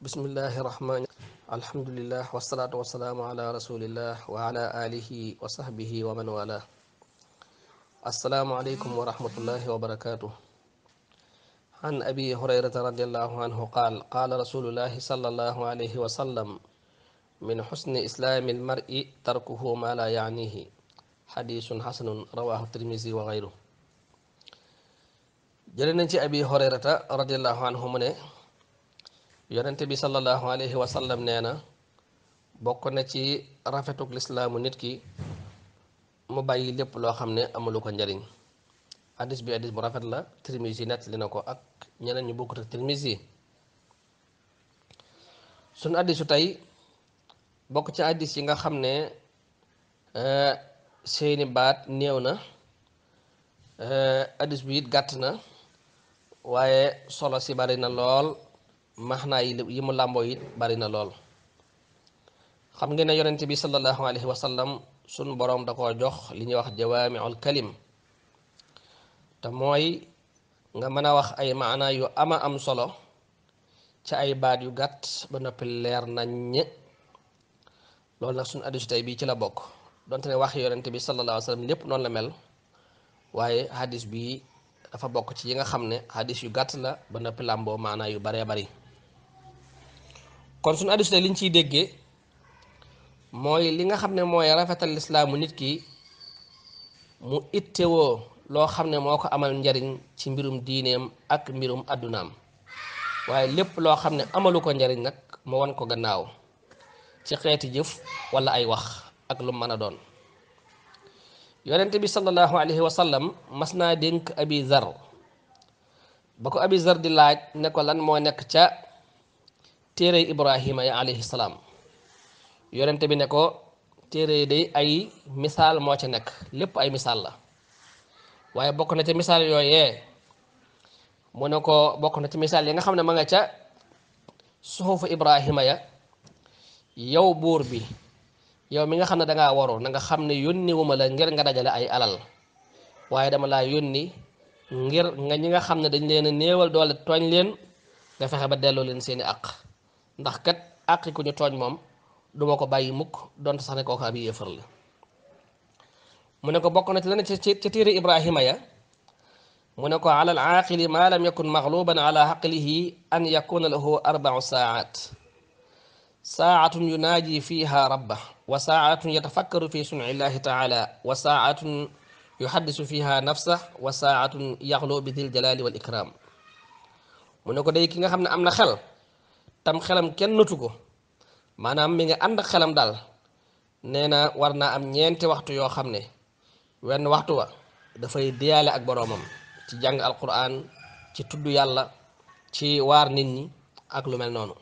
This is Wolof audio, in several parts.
bismillahi rahmaani alhamdulillah wasalaatu wasalaamu ala rasulillah wa ala alihi wa sahbihi wa man wala asalaamualeykum wa rahmatullahi wa barakatuh عن أبي هريرة رضي الله عنه قال قال رسول الله صلى الله عليه وسلم من حسن إسلام المرء تركه ما لا يعنيه حديث حسن رواه الترمذي وغيره جلنا أبي هريرة رضي الله عنه منه yonente bi sallallahu alayhi wa sallam nee na bokk na ci rafetuk lislaamu nit ki mu bàyyi lépp loo xam ne amulu ko njariñ hadis bi hadis bu rafet la Tirmisi nettali na ko ak ñeneen ñu bokkut ak yi suñu hadisu tey bokk ci hadis yi nga xam ne eh, seeni baat néew na eh, hadis bi it gàtt na waaye solo si bari na lool maxnaa yi yi mu làmboo it bari na lool xam ngeen ne yonent bi sallallahu alayhi wa sallam sunu boroom da ko jox li ñuy wax jawaamiul kalim te mooy nga mën a wax ay maana yu ama am solo ci ay baat yu gàtt ba noppi leer naññ loolu nag sunu hadiisu tey bii ci la bokk donte ne wax yonent bi sallallahu alayhi lépp noonu la mel waaye hadis bii dafa bokk ci yi nga xam ne hadis yu gàtt la ba noppi làmboo maana yu baree bari kon suñu addis liñ ciy dégge mooy li nga xam ne mooy rafetal lislaamu nit ki mu ittewoo loo xam ne moo ko amal njariñ ci mbirum diineem ak mbirum àddunaam waaye lépp loo xam ne amalu ko njariñ nag mu wan ko gannaaw ci xeeti jëf wala ay wax ak lu mën a doon yonente bi sallallahu alayhi wa mas naa dénk abi zar ba ko abi di laaj ne ko lan moo nekk ca téere Ibrahima ya alayhi salaam yonente bi ne ko téere yi day ay misaal moo ca nekk lépp ay misaal la waaye bokk na ci misaal yooyee mu ne ko bokk na ci misaal yi nga xam ne ma nga ca suxufu Ibrahima ya yow buur bi yow mi nga xam ne dangaa waru na nga xam ne yónni wu ma la ngir nga dajale ay alal waaye dama laa yónni ngir nga ñi nga xam ne dañ leen a néewal doole tooñ leen nga fexe ba delloo leen seeni àq ndax kat àqi ku ñu tooñ moom duma ko bàyyi mukk donte sax ne kooku ab yéefar la mu ne ko bokk na ci leneen ci tiiri ibrahima ya mu ne ko ala al aaqili ma lam yakun maxluban ala xaqlihi an yakuna lahu arbacu saat saatun yunaaji fiha rabba wa saatun yatafakkaru fi sunci illahi taala wa saatun yuxaddisu fiha nafsa wa saatun yaxlu bi dil jalaali wal ikram mu ne ko day ki nga xam ne am na xel tam xelam kenn notu ko maanaam mi nga ànd ak xelam daal nee na war naa am ñeenti waxtu yoo xam ne wenn waxtu wa dafay diyaale ak boroomam ci jàng alquran ci tudd yàlla ci waar nit ñi ak lu mel noonu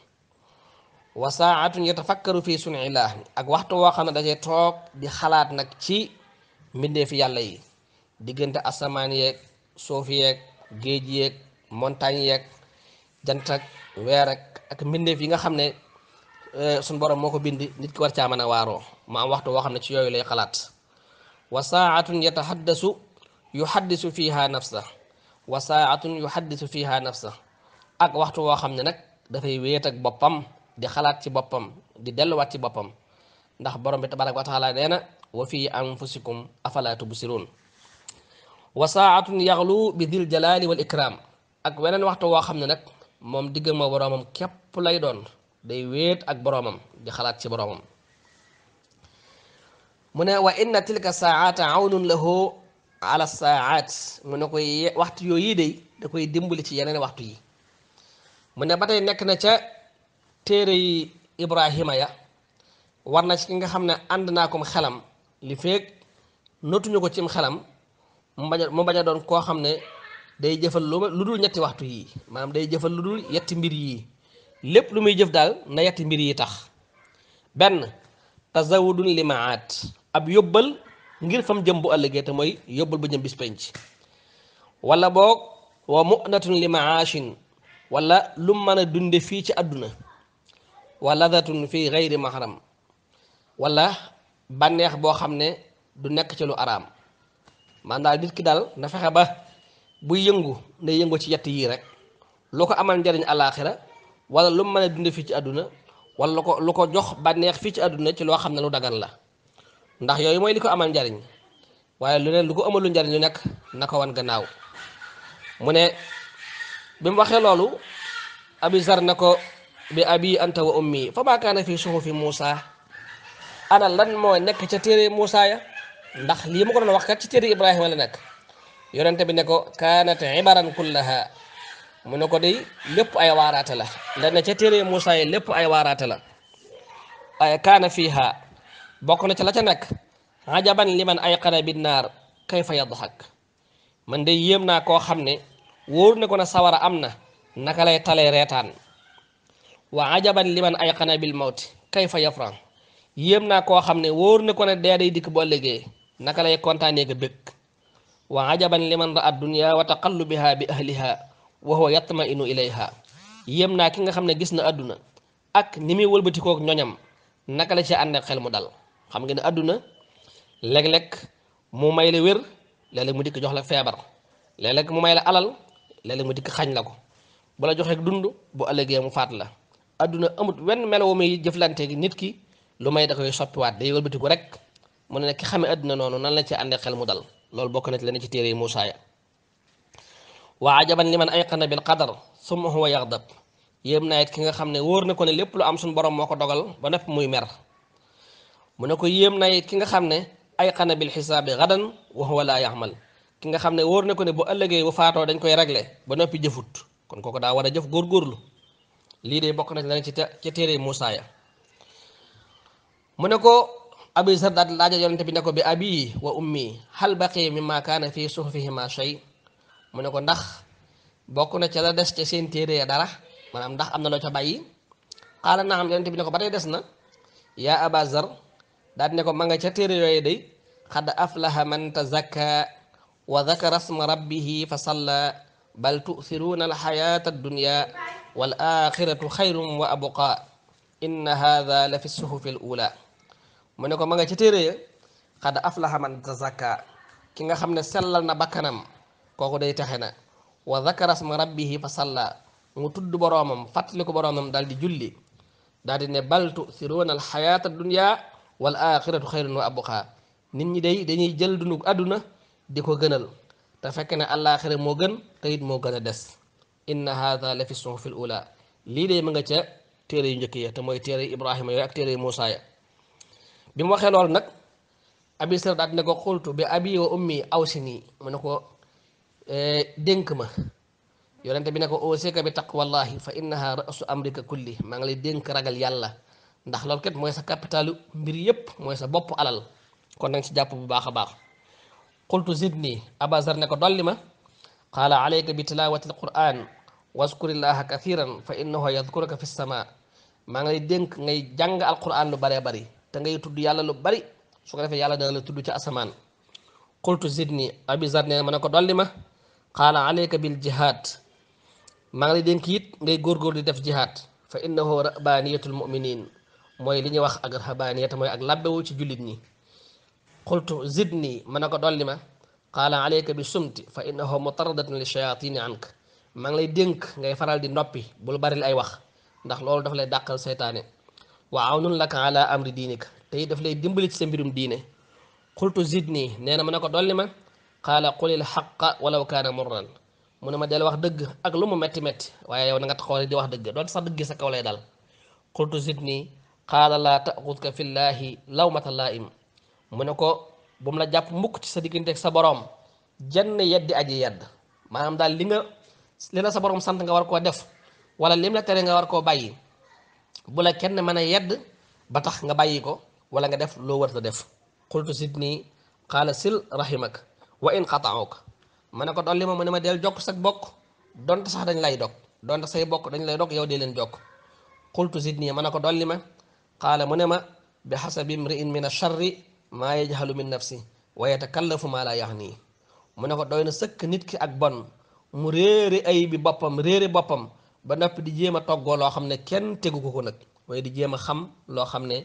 wa saatun yatafakkaru fii sunillah ak waxtu woo xam ne dacay toog di xalaat nag ci mbindeefi yàlla yi diggante asamaan yeeg suuf yeeg géej yeeg montagne yeeg jant weer ak ak mbindeef yi nga xam ne euh, suñu borom moo ko bind nit ki war caa mën a waaroo ma am waxtu woo xam ne yooyu lay xalaat wa saatun yataxaddasu yuxaddisu fiha nafsa wa saatun yuxaddisu fiha nafsa ak waxtu woo xam ne nag dafay wéet ak boppam di xalaat ci boppam di delluwaat ci boppam ndax borom bi tabaraka wa taala nee na wa fi anfusikum afala tubsiruun wa saatun yaxlu bi dil jalaali wal ikram ak weneen waxtu woo xam ne nag moom diggam ma boroomam képp lay doon day wéet ak boroomam di xalaat ci boroomam mu ne wa inna tilka saaata awnun lahu ala saat mu ne koy waxtu yooyu day da koy dimbali ci yeneen waxtu yi mu ne ba tey nekk na ca téere yi ibrahima ya war na ci ki nga xam ne ànd naa kom xelam li feeg notuñu ko cim xelam mu bañ a doon koo xam ne day jëfal lu dul ñetti waxtu yi maanaam day jëfal lu dul yetti mbir yi lépp lu muy jëf daal na yetti mbir yi tax benn tazawudun li ab yóbbal ngir fam jëm bu ëllëgee te mooy yóbbal bu jëm bis penc wala boog wa munatun li maashin wala lu mën a dunde fii ci àdduna wa ladatun fi gayri mahram wala bànneex boo xam ne du nekk ci lu araam man daal nit ki daal na fexe ba buy yëngu nday yëngu ci yett yii rek lu ko amal njariñ alaaxira wala lu mu mën a dund fii ci àdduna wala lu ko lu ko jox banneex fii ci àdduna ci loo xam ne lu dagan la ndax yooyu mooy li ko amal njariñ waaye lu lu ko amalu njariñ lu nekk na ko wan gannaaw mu ne bi mu waxee loolu abi zar na ko bi abi anta wa ummi fa maa kaana fi suhufi Muusa ana lan moo nekk ca téere Muusa ya ndax lii ma ko doon wax kat ci téere Ibrahima la nekk yonente bi ne ko kaanat ibaran kullaha mu ne ko day lépp ay waaraate la nda ne téere Moussa yi lépp ay waaraate la waaye kaana fiiha bokk na ca la ca nekk ajaban liman ayqana bin naar kayfa yadhak man de yéem naa koo xam ne wóor na ko na sawara am na naka lay talee reetaan wa ajaban liman ayqana bil mawti kayfa yafran yéem naa koo xam ne wóor na ko ne dee day dikk boo liggéey naka lay kontaanee ga bëgg waa wa ajaban liman ra ad dunya wa taqallubiha bi ahliha wa huwa yatma'inu ilayha yéem naa ki nga xam ne gis na àdduna ak ni muy wëlbatikook ñoñam naka la ci ànd xel mu dal xam nga ne àdduna léeg lekk mu may la wér mu dikk jox la feebar léeg-léeg mu la alal léeg mu dikk xañ la ko bu la joxee dund bu ëllëgee mu faat la àdduna amut wenn meloo muy jëflanteeg nit ki lu may da koy soppiwaat day wëlbatiku rek mu ne ki xamee àdduna noonu nan la ci ànd xel mu dal loolu bokk na ci leneen ci téere Muusaa ya wa ajaban liman ayqana bil qadar summa huwa yaxdab yéem naa it ki nga xam ne wóor na ko ne lépp lu am suñ borom moo ko dogal ba nepp muy mer mu ne ko yéem nay it ki nga xam ne ayqana bil xisaabi gadan wa huwa laa mal ki nga xam ne wóor na ko ne bu ëllëgee bu faatoo dañ koy réglé ba noppi jëfut kon kooku daa war a jëf góor góorlu lii de bokk na ci leneen ci téere Muusaa ya mu abu zar daal laaja yonente bi ne bi abi wa ummi hal baqi mimma kaana fii suhufihima shay mu ne ko ndax bokk na ca la des ca seen téere ya dara maanaam ndax am na loo ca bàyyi xaala naa xam ko aba zar daal ne ko ma nga ca téere yooyu day man tazakka wa dakara sma rabbihi fa salla bal tu'thiruuna alxayaata addunya wal axiratu xayrun wa abqa inna hada la fi suhufi al mu ne ko ma nga ca téere ya xad aflaha man tazakka ki nga xam ne sellal na bakkanam kooku day texe na wa zakara ma rabbihi fa salla mu tudd boroomam fàttali ko am daal di julli daal di ne baltu siroona al xayaata dunya wal axiratu xayrun wa abqa nit ñi day dañuy jël dundu àdduna di ko gënal te fekk ne àllaaxira moo gën te it moo gën a des inna haada la fi suhufil ula lii day ma nga ca téere yu njëkk ya te mooy téere ibrahima yooyu ak téere bi mu waxee loolu nag abi sar daat ne ko xultu bi abi wa ummi aw nii mu ne ko eh, dénk ma yonente bi na ko ausika bi taqwallahi fa innaha rasu amrika kulli maa ngi lay dénk ragal yàlla ndax loolu kat mooy sa capitalu mbir yëpp mooy sa bopp alal kon nañ ci jàpp bu baax a baax qultu zidni abazar ne ko dolli ma qaala alayka bi tilawati alquran waskurillaha kathiran fa innahu yadkuruka fi sama maa ngi lay dénk ngay jàng alquran lu baree bari te ngay tudd yàlla lu bari su ko defee yàlla dana la tudd ci asamaan qultu zidni abi zar nee ma ne ko dolli ma qaala alayka bil jihaad maa ngi lay dénk it ngay góorgóor di def jihaad fa innahu rabaniyatul muminin mooy li ñuy wax ak rabaniyata mooy ak labbewu ci jullit ñi qultu zidni ma ne ko dolli ma qaala alayka bi sumti fa innahu mutaradatun li shayatini ank maa ngi lay dénk ngay faral di noppi bul baril ay wax ndax loolu dafa lay dàqal seytaane wa awnun laka ala amri diinika tey def lay dimbalit sa mbirum diine xultu zidni nee na ma ne ko dolli ma qaala qulil xaqa walaw kaana murran mu ne ma del wax dëgg ak lu mu metti metti waaye yow na nga taxaw di wax dëgg doon sax dëgg sa kaw lay dal xultu ka qaala laa law fillaahi lawmata laaim mu ne ko bu la jàpp mukk ci sa diggante ak sa boroom jenn yeddi aji yedd maanaam daal li nga li la sa boroom sant nga war koo def wala lim la tere nga war koo bàyyi bu la kenn mën a yedd ba tax nga bàyyi ko wala nga def loo war a def xultu sidni qaala sil rahimak wa in qataawuk ma ne ko dolli ma mu ne ma del jokk sag bokk donte sax dañ lay dog donte say bokk dañ lay dog yow dee leen jokk xultu sidni ma ne ko dolli ma qaala mu ne ma bi xasabi mriin min acharri maa yajhalu min nafsi wa yatakallafu maa laa nii mu ne ko doy na sëkk nit ki ak bon mu réere ay bi boppam réere boppam ba noppi di jéem a toggoo loo xam ne kenn tegu ko ko nag waaye di jéem a xam loo xam ne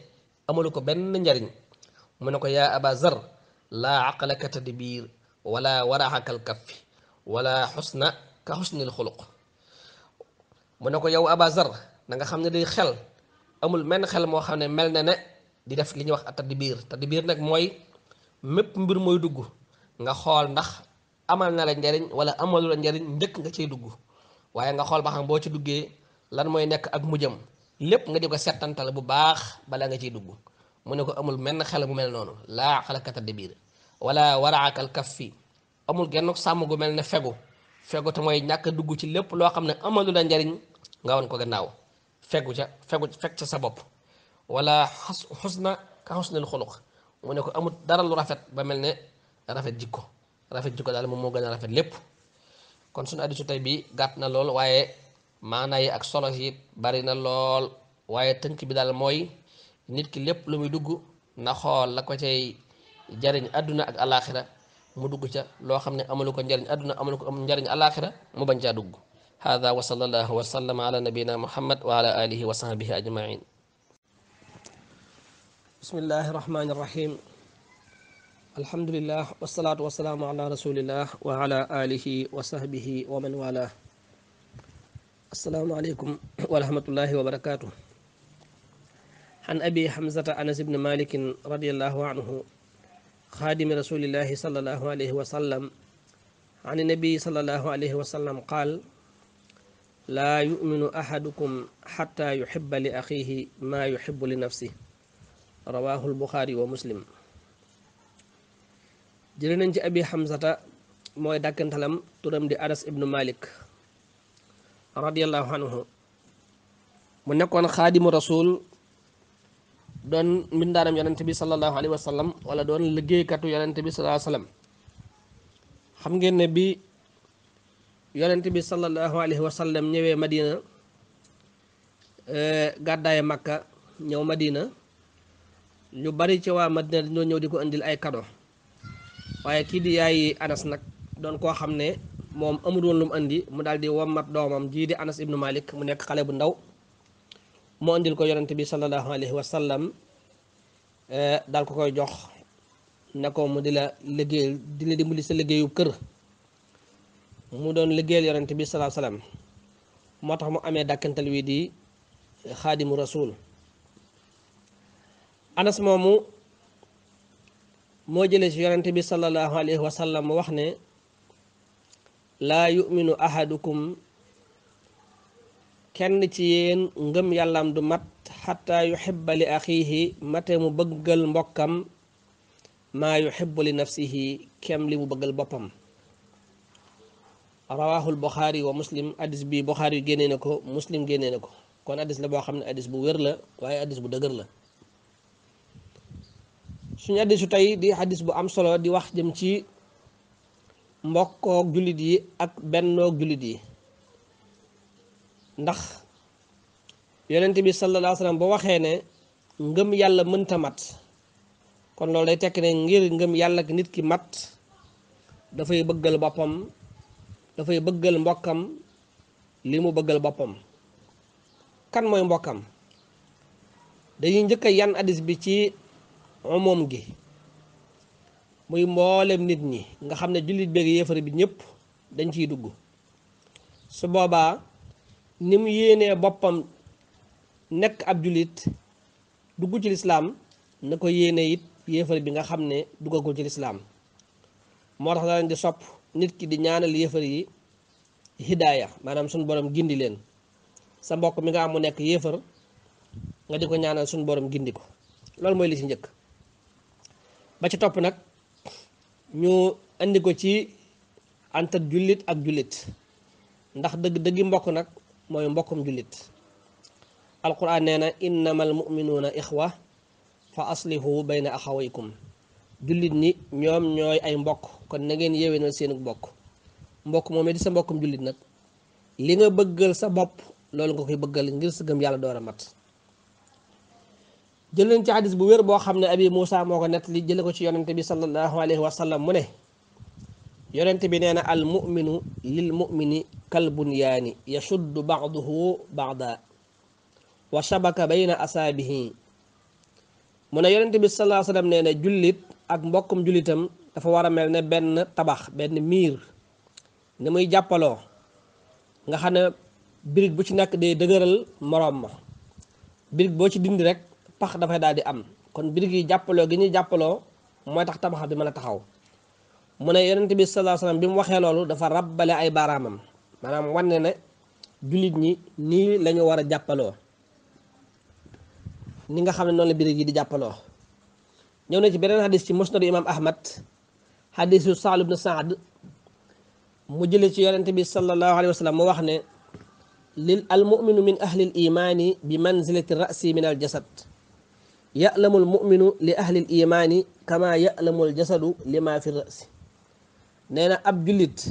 amalu ko benn njariñ mu ne ko yaa aba zar laa aqlaka tadbiir wala waraxakal kaffi wala xusna ka xusnil xuluq mu ne ko yow aba zar xam ne day xel amul menn xel moo xam ne mel na ne di def li ñuy wax tadbiir tadbiir nag mooy mépp mbir mooy dugg nga xool ndax amal na la njariñ wala amalu la njariñ njëkk nga cay dugg waaye nga xool ba xam boo ci duggee lan mooy nekk ak mujjam lépp nga di ko settantal bu baax bala nga ciy dugg mu ne ko amul menn xel mu mel noonu laa xalakata de biir wala waraakal kaf fii amul genn sàmm gu mel ne fegu fegu mooy ñàkk dugg ci lépp loo xam ne amalu la njariñ nga wan ko gannaaw fegu ca fegu fekk ca sa bopp wala xas xusna ka xusnal xuluq mu ne ko amul dara lu rafet ba mel ne rafet jikko rafet jikko daal moom moo gën rafet lépp kon suñu addisu tey bi gàtt na lool waaye maana yi ak solo yi bari na lool waaye tënk bi daal mooy nit ki lépp lu muy dugg na xool la ko cay jariñ adduna ak alaaxira mu dugg ca loo xam ne amalu ko njariñ àdduna amalu ko njariñ alaaxira mu bañ caa dugg hada wa sallallahu wa sallama ala nabina muhammad wa ala alihi wa sahbihi ajmain bismillahi rahmani rahim alhamdulilah wasalaatu wasalaamu ala rasulillah wa ala alihi wa sahbihi wa man wala asalaamualeykum wa rahmatullahi wa barakatuh عن أبي حمزة أنس بن مالك رضي الله عنه خادم رسول الله صلى الله عليه وسلم عن النبي صلى الله عليه وسلم قال لا يؤمن أحدكم حتى يحب لأخيه ما يحب لنفسه رواه البخاري ومسلم jëlee nañ ci abi xamsata mooy dàkkantalam turam di anas ibnu malik radiallahu anhu mu nekkoon xaadimu rasul doon mbindaaram yonente bi salallahu alayhi wa sallam wala doon liggéeykatu yonente bi salallahu alayhi wa xam ngeen ne bi yonente bi salallahu alayhi wa ñëwee madina eh, gàddaaye makka ñëw madina ñu bari ci waa madina dañoo ñëw di ko indil ay kado waaye kii di yaay anas nag doon koo xam ne moom amul woon lu mu andi mu daal di wammat doomam jii di anas ibnu malik mu nekk xale bu ndaw mu andil ko yonente bi sallallahu alayhi wa eh, ko koy jox ne ko mu di la liggéeyal di la dimbali sa liggéeyu kër mu doon liggéeyal yonente bi salaa sallam moo tax mu amee dàkkantal wi di xaadimu rasul anas moomu moo jëlee ci yonente bi sallallahu alayhi wa wax ne laa yuminu ahadukum kenn ci yéen ngëm yàllaam du mat xataa yuxibba li axiihi mate mu bëggal mbokkam maa yuxibbu li nafsihi kem li mu bëggal boppam rawaahul Buxaari wa muslim addis bi yu génnee na ko muslim génne na ko kon addis la boo xam ne addis bu wér la waaye addis bu dëgër la suñu hadisu tey di hadis bu am solo di wax jëm ci mbokkook jullit yi ak bennook jullit yi ndax yonent bi sallallahu alayhi ba waxee ne ngëm yàlla mënta mat kon loolu day tekki ne ngir ngëm yàlla ak nit ki mat dafay bëggal boppam dafay bëggal mbokkam li mu bëggal boppam kan mooy mbokkam dañuy njëkk a yan bi ci moom gi muy mboolem nit ñi nga xam ne jullit beeg yéefar bi ñëpp dañ ciy dugg su boobaa ni mu yéenee boppam nekk ab jullit dugg ci lislaam na ko yéene it yéefar bi nga xam ne duggal ko ci lislaam moo tax danañ di sopp nit ki di ñaanal yéefar yi hidaaya maanaam suñu borom gindi leen sa mbokk mi nga am mu nekk yéefar nga di ko ñaanal suñu borom gindi ko loolu mooy li ci njëkk ba ci topp nag ñu indi ko ci entre jullit ak jullit ndax dëgg dëggi mbokk nag mooy mbokkum jullit alquran nee na innamal muminuuna ixwa fa aslihu bayna axawaykum jullit ni ñoom ñooy ay mbokk kon na ngeen yéwénal seen mbokk mbokk moom di sa mbokkum jullit nag li nga bëggal sa bopp loolu nga koy bëggal ngir sa gëm yàlla door a mat jël leen ci hadis bu wér boo xam ne abi Moussa moo ko nettali jële ko ci yonente bi sallallahu alayhi wa sallam mu ne yonente bi nee na al muminu lil mumini kal bunyaani yashuddu baaduhu baada wa shabaka na asaabihi mu ne yonente bi sallallahu alayhi wa na jullit ak mbokkum jullitam dafa war a mel na benn tabax benn miir ni muy jàppaloo nga xam ne birig bu ci nakk dee dëgëral moroom ma birig boo ci dindi rek pax dafay daal di am kon birig yi jàppaloo gi ñuy jàppaloo mooy tax tabax bi mën a taxaw mu ne yonent bi sallallahu alayhi bi mu waxee loolu dafa rabbale ay baaraamam maanaam wanne ne jullit ñi nii la war a jàppaloo ni nga xam ne noonu la di jàppaloo ñëw na ci beneen xadis ci musnadu imam ahmad xadis yu ci yonent bi sallallahu alayhi wa sallam mu wax ne lil al muminu min ahli imaani bi manzilati rasi min jasad ya'lamu almu'minu li ahli al imaani kama ya'lamu al jasadu li ma fi rasi nee na ab jullit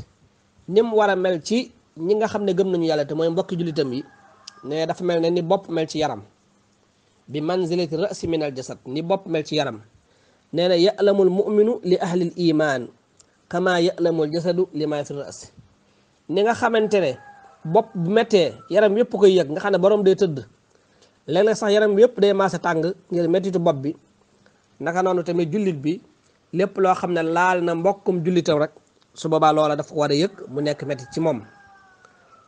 ni mu war a mel ci ñi nga xam ne gëm nañu yàlla te mooy mbokki jullitam yi ne dafa mel na ni bopp mel ci yaram bi manzilati rasi min al jasad ni bopp mel ci yaram nee na ya'lamu almu'minu li ahli al imaan kama ya'lamu al jasadu li ma fi ni nga xamante ne bopp bu mettee yaram yëpp koy yëg nga xam ne borom day tëdd léeg-léeg sax yaram yépp day maase tàng ngir mettitu bopp bi naka noonu tamit jullit bi lépp loo xam ne laal na mbokkum jullitam rek su boobaa loola dafa war a yëg mu nekk metti ci moom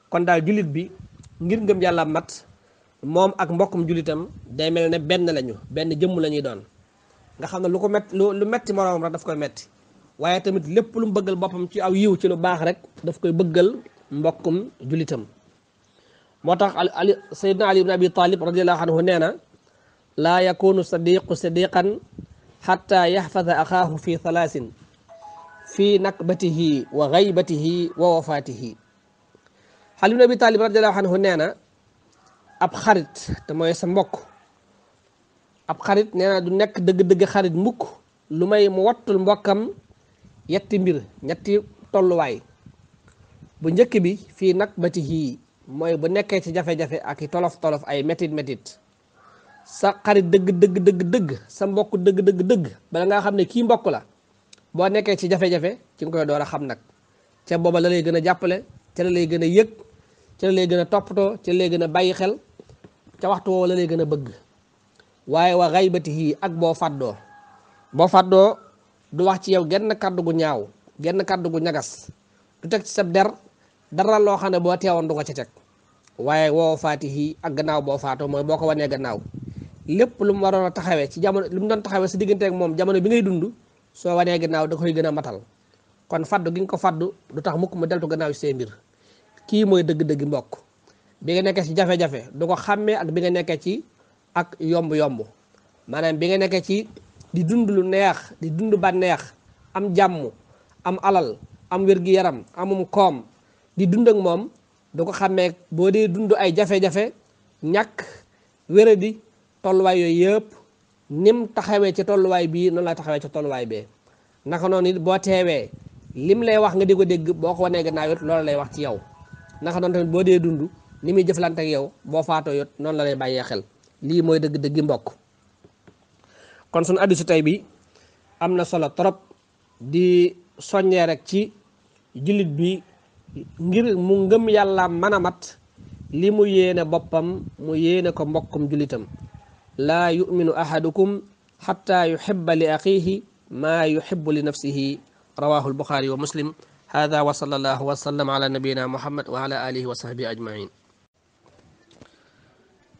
kon daal jullit bi ngir ngëm yàlla mat moom ak mbokkum jullitam day mel ne benn lañu benn jëmm la ñuy doon nga xam ne lu ko mett lu lu metti moroom rek daf koy metti waaye tamit lépp lu mu bëggal boppam ci aw yiw ci lu baax rek daf koy bëggal mbokkum jullitam moo tax ali saydna ali ibn abi talib radiallahu anhu nee na laa yakunu sadiqu sadiqan xatta yaxfada axaahu fi thalaasin fi nakbatihi wa gaybatihi wa wafaatihi ali ibn abi talib radiallahu anhu nee na ab xarit te mooy sa mbokk ab xarit nee na du nekk dëgg-dëgg xarit mukk lu may mu wattul mbokkam yetti mbir ñetti tolluwaay bu njëkk bi fii nakbatihi mooy bu nekkee ci jafe-jafe ak i tolof-tolof ay métit métit sa xarit dëgg dëgg dëgg dëgg sa mbokk dëgg dëgg dëgg bala ngaa xam ne kii mbokk la boo nekkee ci jafe-jafe ci nga koy door a xam nag ca booba la lay gën a jàppale ca la lay gën a yëg ca la lay gën a toppatoo ca la lay gën a bàyyi xel ca waxtu woowu la lay gën a bëgg waaye wa xaybatihi ak boo fàddoo boo fàddoo du wax ci yow genn kàddu gu ñaaw genn kàddu gu ñagas du teg ci sa der dara loo xam ne boo teewoon du ko ca teg waaye woo faatihi ak gannaaw boo faatoo mooy boo ko wanee gannaaw lépp lu mu waroon a taxawee ci jamono lu mu doon taxawee si diggante ak moom jamono bi ngay dund soo wanee gannaaw da koy gën a matal kon faddu gi nga ko faddu du tax mukk mu deltu gannaaw ci mbir kii mooy dëgg-dëgg mbokk bi nga nekkee ci jafe-jafe du ko xàmmee ak bi nga nekkee ci ak yomb-yomb maanaam bi nga nekkee ci di dund lu neex di dund ba neex am jàmm am alal am wér-gi-yaram amum koom di dund ak moom du ko xàmmee boo dee dund ay jafe-jafe ñàkk wéradi tolluwaay yooyu yëpp nim taxawee ci tolluwaay bii noonu la taxawee ci tolluwaay bee naka noonu it boo teewee li mu lay wax nga di ko dégg boo ko wanee gannaaw it loolu lay wax ci yow naka noonu tamit boo dee dund ni muy jëflante yow boo faatoo yot noonu la lay bàyyee xel lii mooy dëgg-dëggi mbokk kon sunu addi su tey bi am na solo trop di soññee rek ci jullit bi ngir mu ngëm yàlla mën a mat li mu yéene boppam mu yéene ko mbokkum julitam laa yuminu ahadukum xatta yuxiba li axiihi maa yuxibu li nafsihi rawahu albuxaari wa muslim hada wa sallallahu wa sallam ala nabiyina muhammad wa ala alihi wa sahbihi ajmain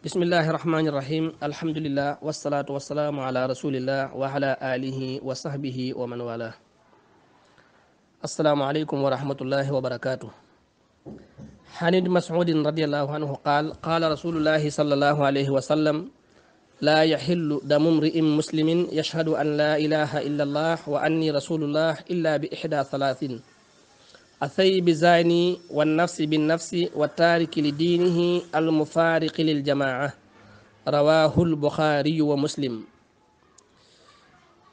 bismillahi irrahmani irrahim alhamdulillah wasalaatu wasalaamu ala rasulillah wa ala alihi wa sahbihi wa man wala asalaamaaleykum wa rahmatullahi wa barakaatu. xan ibni mas'uudin radiyallahu anhu qaal qaala rasulullahi sallallahu alayhi wa sallam laa yaxillu damu mri'in muslimin yashhadu an laa ilaha illa allah wa anni rasulullah illa bi ixda thalathin athay bi zani wannafsi binnafsi wattaariki li diinihi almufaariqi liljamaaca rawahu lbuxaariyu wa muslim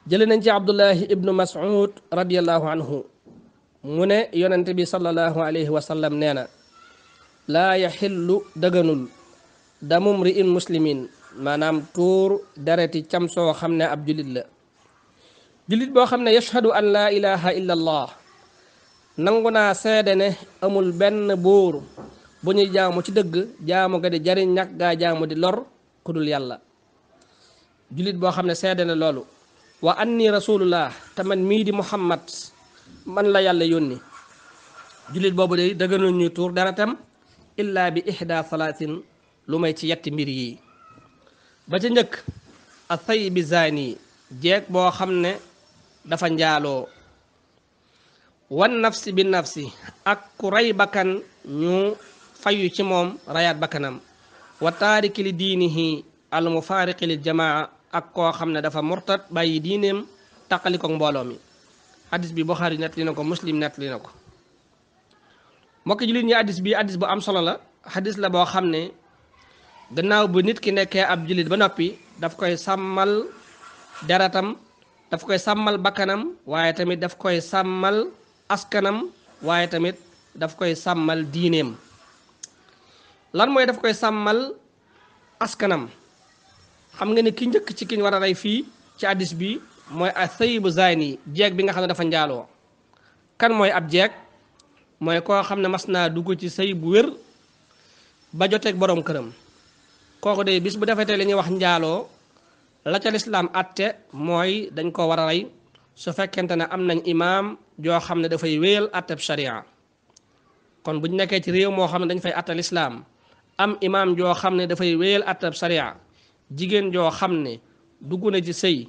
jële nañ ci abdullahi ibnu mas'ud radiyallahu anhu mu ne yonent bi sallallahu alayhi wa sallam nee na laa yaxillu dëganul damum ri in muslimin maanaam tuur dereti cam soo xam ne ab julit la julit boo xam ne yashhadu an laa ilaha illa nangu naa seede ne amul benn buur bu ñuy jaamu ci dëgg jaamu ga di jariñ ñàkk jaamu di lor ku dul yàlla boo xam ne seede ne loolu wa anni rasulullah te man mii muhammad man la yàlla yónni jullit boobu day dëgëral ñuy tuur dara illaa bi ihda salaasin lu may ci yetti mbir yi ba ca njëkk a say bi zaani jeeg boo xam ne dafa njaaloo wan nafsi bi nafsi ak ku rey bakkan ñu fayu ci moom rayaat bakkanam wa taariki li diinihi al mufaariqi lil jamaa ak koo xam ne dafa murtat bàyyi diineem taqali mbooloo mi addis bi Buxaari nettali na ko muslim nettali na ko mbokki jullit ñi addis bi addis bu am solo la addis la boo xam ne gannaaw bu nit ki nekkee ab jullit ba noppi daf koy sàmmal deratam daf koy sàmmal bakkanam waaye tamit daf koy sàmmal askanam waaye tamit daf koy sàmmal diineem mooy daf koy sàmmal askanam xam nga ne ki njëkk ci kiñ war a rey fii ci addis bi mooy asayibu zayni jeeg bi nga xam ne dafa njaaloo kan mooy ab jeeg mooy koo xam ne mas naa dugg ci sëy bu wér ba joteek borom këram kooku de bis bu defetee li ñuy wax njaaloo la ca lislaam atte mooy dañ ko war a rey su fekkente ne am nañ imaam joo xam ne dafay wéyal atteb sharia kon bu nekkee ci réew moo xam ne dañ fay atte lislaam am imaam joo xam ne dafay wéyal atteb sharia jigéen joo xam ne dugg na ci sëy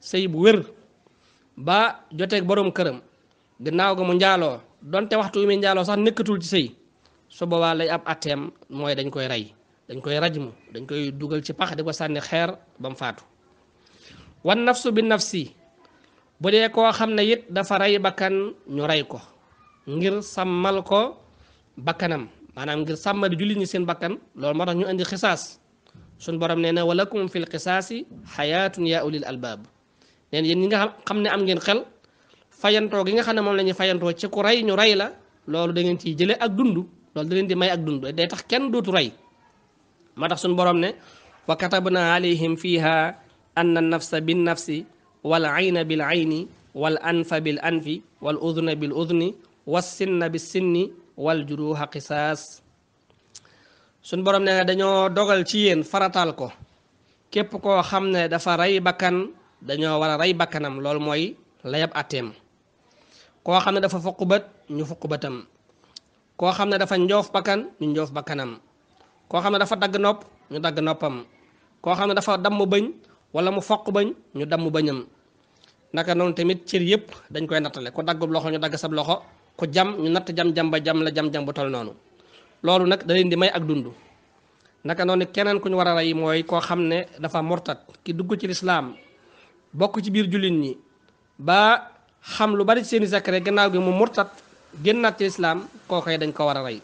sëy bu wér ba joteeg boroom këram ginnaaw ga mu njaaloo donte waxtu wi muy njaaloo sax nekkatul ci sëy su boobaa lay ab atteem mooy dañ koy rey dañ koy rajmu dañ koy dugal ci pax di ko sànni xeer ba mu faatu wan nafsu bi nafsi bu dee koo xam ne it dafa rey bakkan ñu rey ko ngir sàmmal ko bakkanam maanaam ngir sàmmali jullit ñi seen bakkan loolu moo tax ñu indi xisaas suñ borom nee na walakum fil xisaasi xayaatuñ yaa ulil albaab neen yéen ñi nga xam ne am ngeen xel fayantoo gi nga xam ne moom lañuy ñuy fayantoo ci ku rey ñu rey la loolu da ngeen ciy jëlee ak dund loolu da leen di may ak dund day tax kenn dootu rey moo tax suñu ne wa katabna alayhim fiha anna nafsa bin nafsi wal ayna bil ayni wal anfa bil anfi wal udhna bil udhni was sinna bis sinni wal juruha qisaas suñ borom ne dañoo dogal ci yéen faratal ko képp koo xam ne dafa rey bakkan dañoo war a rey bakkanam loolu mooy layab àtteem koo xam ne dafa fukk bët ñu fukk bëtam koo xam ne dafa njoof bakkan ñu njoof bakkanam koo xam ne dafa dagg nopp ñu dagg noppam koo xam ne dafa damm bëñ wala mu foq bañ ñu damm bañam naka noonu tamit cër yëpp dañ koy nattale ku daggub loxo ñu dagg sab loxo ku jam ñu natt jam-jam ba jam la jam-jam bu tol noonu loolu nag da di may ak dund naka noonu keneen ku ñu war a rey mooy koo xam ne dafa mortat ki bokk ci biir jullit ñi ba xam lu bari seeni zakare gannaaw gi mu murtat génnaat ci lislaam kookoy dañ ko war a rey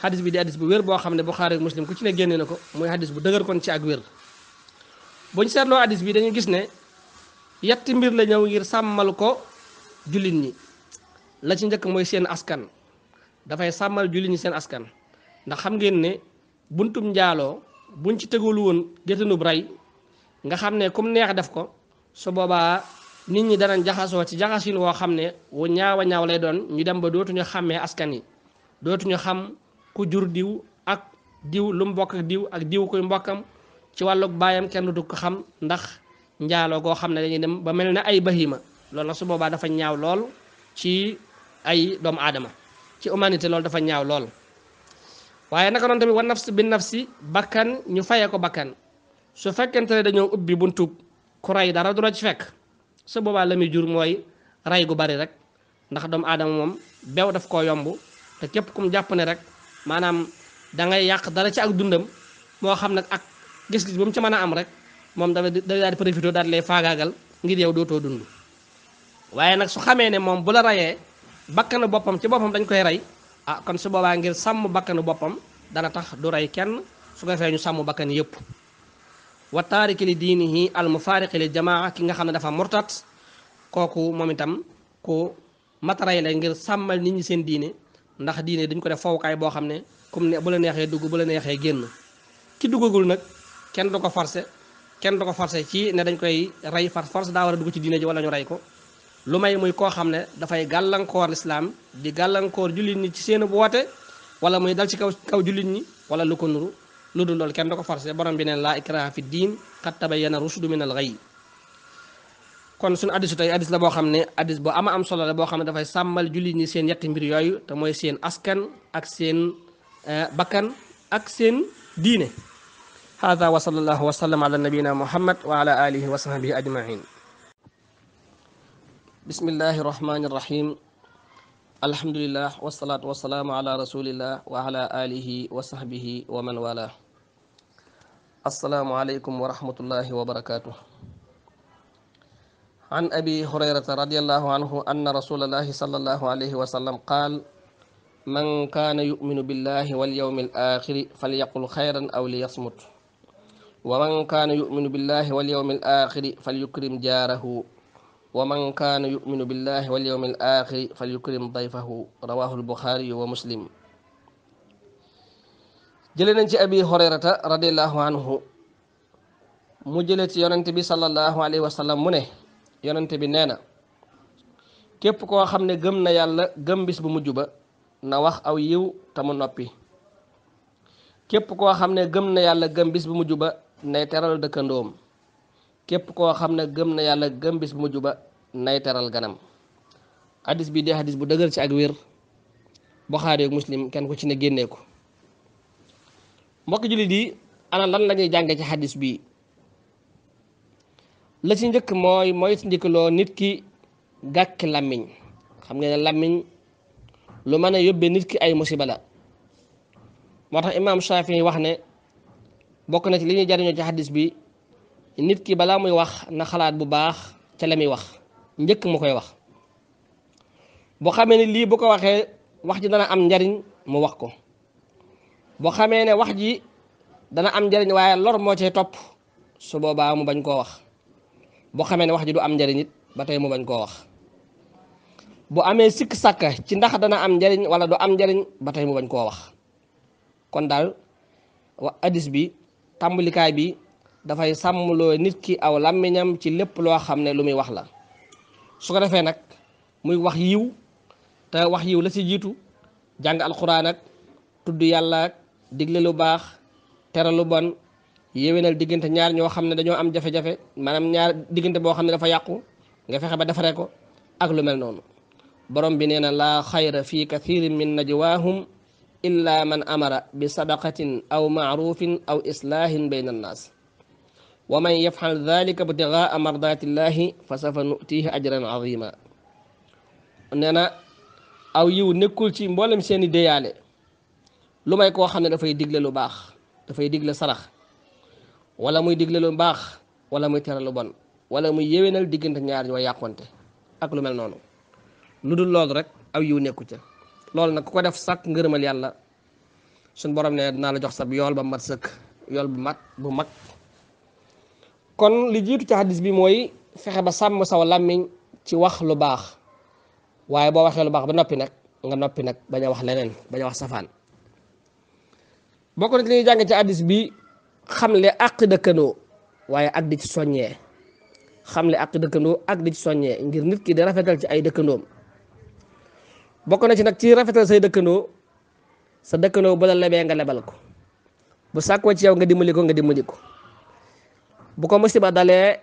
xadis bi di hadis bu wér boo xam ne Buxaari ak Muslim ku ci ne génne na ko muy hadis bu dëgër kon ci ak wér buñ seetloo hadis bi dañu gis ne yetti mbir la ngir sàmmal ko jullit ñi la ci mooy seen askan dafay sàmmal jullit ñi seen askan ndax xam ngeen ne buntum njaaloo buñ ci tegul woon gétanub rey nga xam ne kum neex def ko su boobaa nit ñi danañ jaxasoo ci jaxasin woo xam ne wu ñaaw a ñaaw lay doon ñu dem ba dootuñu xàmmee askan yi dootuñu xam ku jur diw ak diw lu mbokk ak diw ak diw kuy mbokkam ci wàllug baayam kenn du ko xam ndax njaaloo goo xam ne dañuy dem ba mel ne ay bahima lool na su boobaa dafa ñaaw lool ci ay doomu aadama ci humanité loolu dafa ñaaw lool waaye naka noonu tamit wa nafs bi nafsi bakkan ñu fayee ko bakkan su fekkente ne dañoo ubbi buntub ku rey dara du la ci fekk su boobaa la muy jur mooy rey gu bari rek ndax doomu aadama moom bew daf koo yomb te képp kum jàpp ne rek maanaam da ngay yàq dara ci ak dundam moo xam ne ak gis-gis ba mu ci mën a am rek moom dafa da daal di profité daal di lay faagaagal ngir yow dootoo dund waaye nag su xamee ne moom bu la rayee bakkanu boppam ci boppam dañ koy rey ah kon su boobaa ngir sàmm bakkanu boppam dana tax du rey kenn su ko fee ñu sàmm bakkan yëpp wa taariki li diinihi al mufaariqi li jamaa ki nga xam ne dafa murtat kooku moom itam ku mataray la ngir sàmmal nit ñi seen diine ndax diine dañ ko def fowukaay boo xam ne comme ne bu la neexee dugg bu la neexee génn ki duggagul nag kenn du ko forcé kenn du ko forcé ci ne dañ koy rey far force daa war a dugg ci diine ji wala ñu rey ko lu may muy koo xam ne dafay gàllankoor lislaam di gàllankoor jullit ñi ci seen boote woote wala muy dal ci kaw kaw jullit ñi wala lu ko nuru lu dul loolu kenn du ko forcé borom bi neen laa ikraha fi diin xat tabayyana rushdu min al kon suñu addisu tey addis la boo xam ne addis boo ama am solo la boo xam ne dafay sàmmal jullit ñi seen yetti mbir yooyu te mooy seen askan ak seen eh, bakkan ak seen diine hada wa sallallahu wa sallam ala nabiyina muhammad wa ala wa sahbihi ajmain bismillahi rahmani rahim alhamdulilah wasalaatu wasalaamu ala rasulillah wa ala alihi wa sahbihi wa man wala asalaamualeykum wa rahmatullahi wa barakatuh عن أبي هريرة رضي الله عنه أن رسول الله صلى الله عليه وسلم قال من كان يؤمن بالله واليوم الآخر فليقل خيرا أو ليصمت ومن كان يؤمن بالله واليوم الآخر فليكرم جاره wa man kaana yuminu billahi wal yawmi al axiri fal yukrim dayfahu rawahu albuxaariyu wa muslim jële nañ ci abi hurayrata radiallahu anhu mu jële ci yonente bi salallahu alayhi wa sallam mu ne yonente bi nee na képp koo xam ne gëm na yàlla gëmbis bu mujj ba na wax aw yiw te mu noppi képp koo xam ne gëm na yàlla gëm bu mujj ba nay teral dëkkandoom képp koo xam ne gëm na yàlla gëm bis bu mujj ba nay teral ganam hadis bi dee hadis bu dëgër ci ak wér Buxaari ak Muslim kenn ku ci ne génnee ko mbokk jullit yi ana lan la ñuy ci hadis bi la ci njëkk mooy mooy ndikaloo nit ki gàkki làmmiñ xam nga ne làmmiñ lu mën a yóbbee nit ki ay musiba la moo tax imaam Shaafi wax ne bokk na ci li ñuy ci hadis bi nit ki balaa muy wax na xalaat bu baax ca la muy wax njëkk mu koy wax boo xamee ne lii bu ko waxee wax ji dana am njariñ mu wax ko boo xamee ne wax ji dana am njariñ waaye lor moo cay topp su boobaa mu bañ koo wax boo xamee ne wax ji du am njariñ ba tey mu bañ koo wax boo amee sikk sàkk ci ndax dana am njariñ wala du am njariñ ba tay mu bañ koo wax kon daal wa bi tàmbalikaay bi dafay sàmmloo nit ki aw làmmiñam ci lépp loo xam ne lu muy wax la su ko defee nag muy wax yiw te wax yiw la si jiitu jàng alxuraan ak tudd yàlla digle lu baax tere lu bon yéwénal diggante ñaar ñoo xam ne dañoo am jafe-jafe maanaam ñaar diggante boo xam ne dafa yàqu nga fexe ba defaree ko ak lu mel noonu borom bi nee na laa xayra fi kathirin min najwaahum illa man amara bi sadaqatin aw maarufin aw islaahin bayna naas wa man yafal dalika btigaa mardatillahi fa safa nutihi ajran azima nee na aw yiw nekkul ci mboolem seeni déyaale lu may koo xam ne dafay digle lu baax dafay digle sarax wala muy digle lu baax wala muy tere lu bon wala muy yéwénal diggante ñaar ñoo yàqonte ak lu mel noonu lu dul loolu rek aw yiw nekku ca loolu nag ku ko def sàkk ngërëmal yàlla suñ borom ne dinaa la jox sab yool ba mat sëkk yool bu mat bu mag kon li jiitu ci xadis bi mooy fexe ba sàmm saw làmmiñ ci wax lu baax waaye boo waxee lu baax ba noppi nag nga noppi nag bañ wax leneen bañ a wax safaan bokk na ci li ñuy ci xadis bi xam le àq dëkkandoo waaye ak di ci soññee xam le àq dëkkandoo ak di ci soññee ngir nit ki di rafetal ci ay dëkkandoom bokk na ci nag ci rafetal say dëkkandoo sa dëkkandoo bu la lebee nga lebal ko bu sàkkoo ci yow nga dimbali ko nga dimbali ko bu ko musiba dalee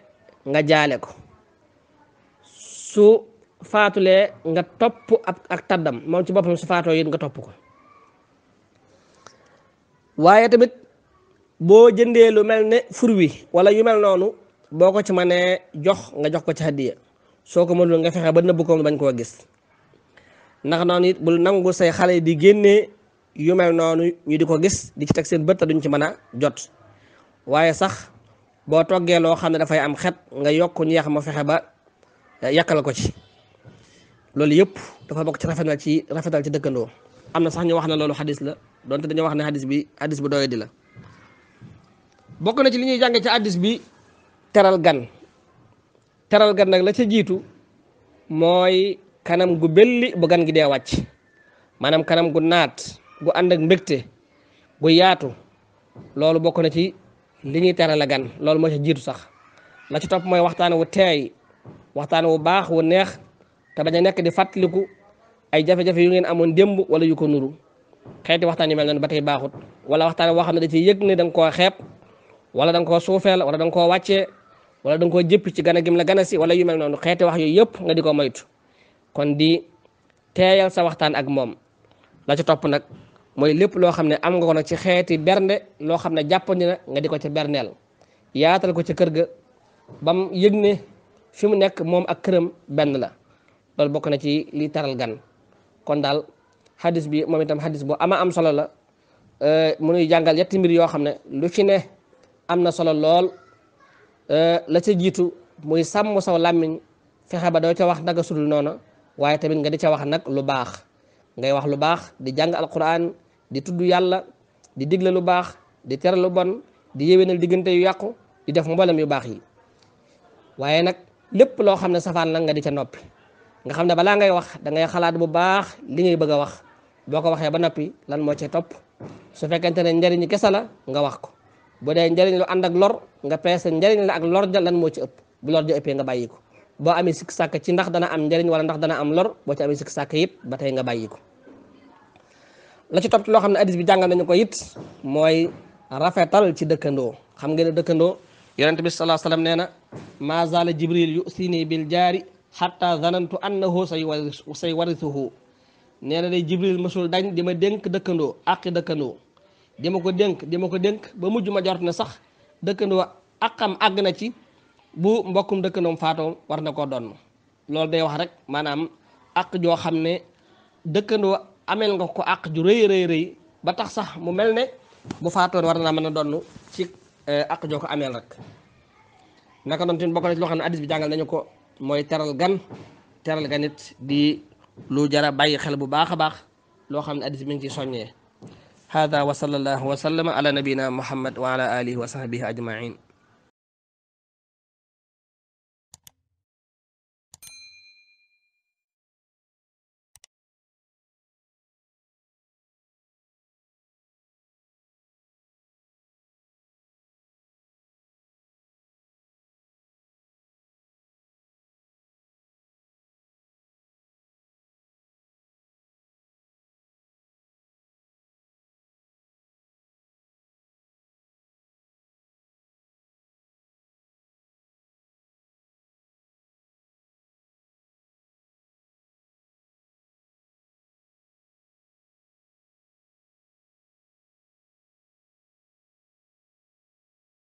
nga jaale ko su faatulee nga topp ak ak taddam moom ci boppam su faatoo yit nga topp ko waaye tamit boo jëndee lu mel ne fur wi wala yu mel noonu boo ko ci mënee jox nga jox ko ci hadiya soo ko mënul nga fexe ba nëbb ko bañ koo gis ndax noonu it bu nangu say xale di génnee yu mel noonu ñu di ko gis di ci teg seen bët te duñ ci mën a jot waaye sax boo toggee loo xam ne dafay am xet nga yokk ñeex ma fexe ba eh, yàkkal ko ci loolu yëpp dafa bokk ci rafetal ci rafetal ci dëkkandoo am na sax ñu wax ne loolu xadis la donte dañoo wax ne xadis bi xadis bu doyadi la bokk na ci li ñuy jànge ci xadis bi teral gan teral gan nag la ca jiitu mooy kanam gu belli bu gan gi dee wàcc maanaam kanam gu naat gu ànd ak mbégte gu yaatu loolu bokk na ci li ñuy terale gan loolu moo ci jiitu sax la ci topp mooy waxtaan wu teey waxtaan wu baax wu neex te bañ a nekk di fàttaliku ay jafe-jafe yu ngeen amoon démb wala yu ko nuru xeeti waxtaan yu mel noonu ba tey baaxut wala waxtaan woo xam ne da ci yëg ne danga nga koo xeeb wala da nga koo suufeel wala da nga koo wàccee wala da nga jëpp ci gana gim la gana si wala yu mel noonu xeeti wax yooyu yëpp nga di ko moytu kon di teeyal sa waxtaan ak moom la ci topp nag mooy lépp loo xam ne am nga ko nag ci xeeti bernde loo xam ne jàppandi na nga di ko ca berndeel yaatal ko ca kër ga bam yëg ne fi mu nekk moom ak këram benn la loolu bokk na ci lii taral gan kon daal xadis bi moom itam xadis bu ama am solo la euh, mu nuy jàngal yetti mbir yoo xam ne lu ci ne am na solo lool euh, la ca jiitu muy sàmm saw làmmiñ fexe ba doo ca wax naka sudul noonu waaye tamit nga di ca wax nag lu baax ngay wax lu baax di jàng alquran di tudd yàlla di digle lu baax di tere lu bon di yéwénal diggante yu yàqu di def mboolem yu baax yi waaye nag lépp loo xam ne safaan la nga di ca noppi nga xam ne balaa ngay wax da ngay xalaat bu baax li ngay bëgg wax boo ko waxee ba noppi lan moo ci topp su fekkente ne njariñu kese la nga wax ko bu dee njariñ lu ànd ak lor nga peese njariñ la ak lor ja lan moo ci ëpp bu lor ja ëppee nga bàyyi ko boo amee sikk sàkk ci ndax dana am njariñ wala ndax dana am lor boo ci amee sikk sàkk yëpp ba tey nga bàyyi ko la ci topp loo xam ne hadis bi jàngal nañu ko it mooy rafetal ci dëkkandoo xam ngeen ne dëkkandoo yonente bi salaa nee na maa zaala jibril yusini bil jaari xatta zanantu annahu say wari say warisuhu nee na day jibril masul dañ di ma dénk dëkkandoo àqi dëkkandoo di ma ko dënk di ma ko dënk ba mujj ma jort na sax dëkkandoo àqam àgg na ci bu mbokkum dëkkandoom faatoo war na koo doon loolu day wax rek maanaam àq joo xam ne dëkkandoo ameel nga ko àq ju rëy rëy rëy ba tax sax mu mel ne bu faatoon war naa mën a donn ci eh, àq joo ko ameel rek naka noon tin bokk loo xam ne addis bi jàngal nañu ko mooy teral gan teral gan it di lu jara bàyyi xel bu baax a baax loo xam ne addis bi mi ngi ciy soññee hada wa sallallahu wa sallama ala nabina muhammad wa ala alihi wa sahbihi ajmain